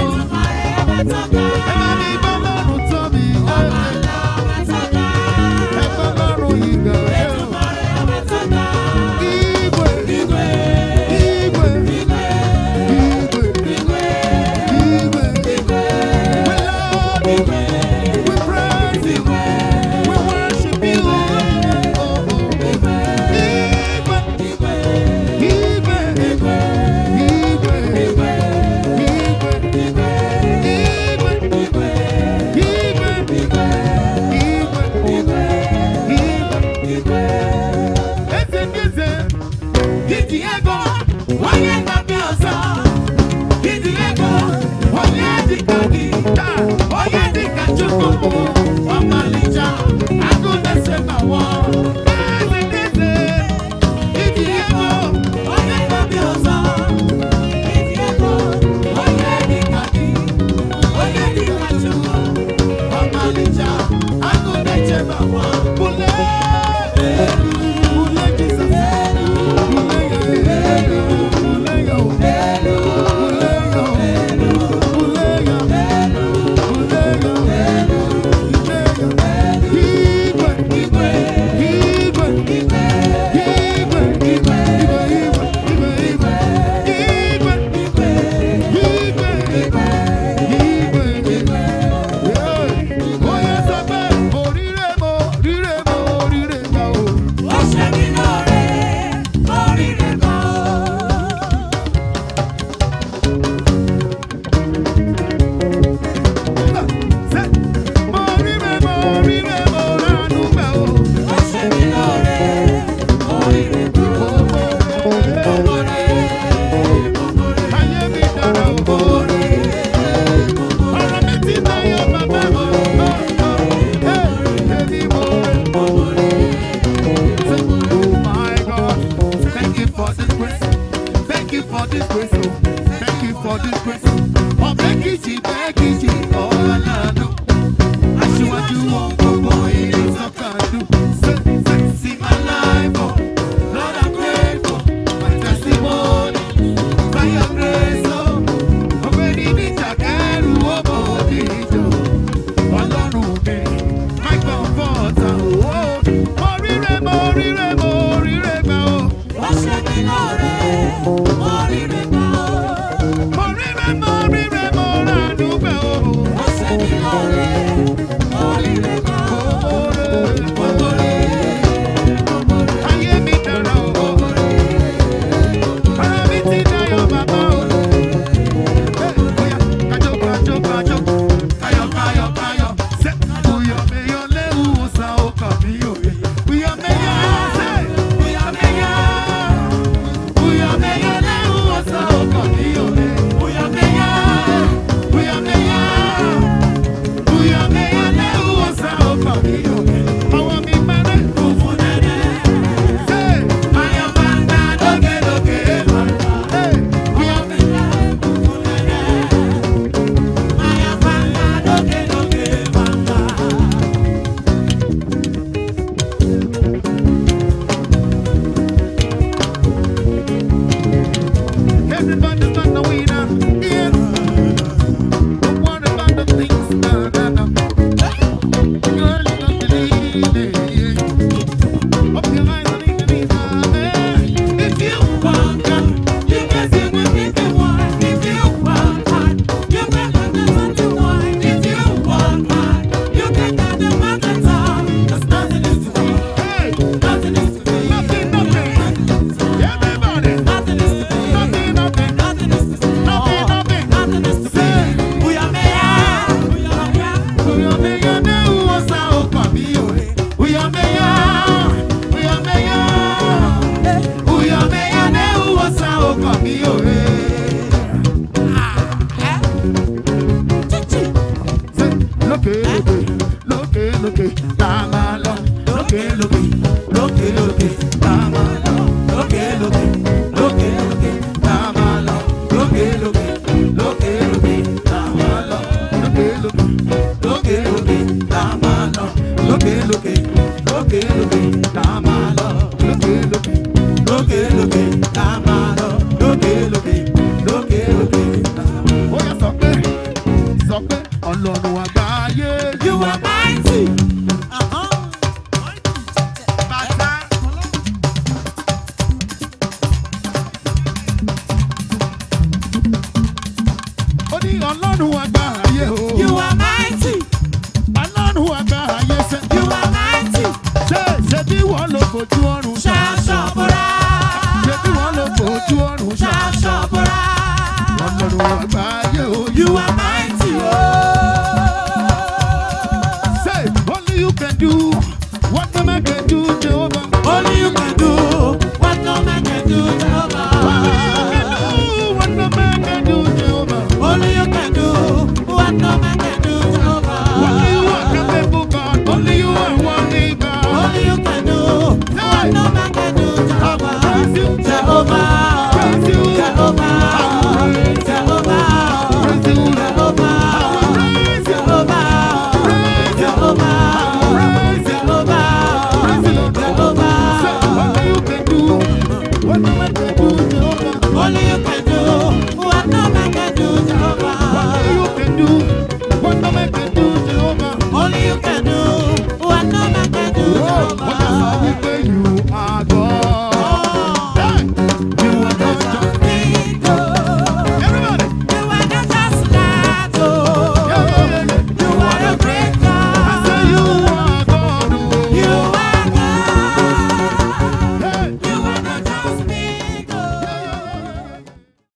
Ẹ bá mi bá. Oh, yeah, they got you. ọ̀bẹ́kìtì bẹ́ẹ̀kìtì ọ̀làdùn aṣíwájú wọn gbogbo ẹ̀. fojú ọ̀run ṣaṣọ bora. ṣebí wọ́n lè fojú ọ̀run ṣaṣọ bora. ọlọ́run àgbáyé o. you are mighty o. Oh. say only you can do what no man can do.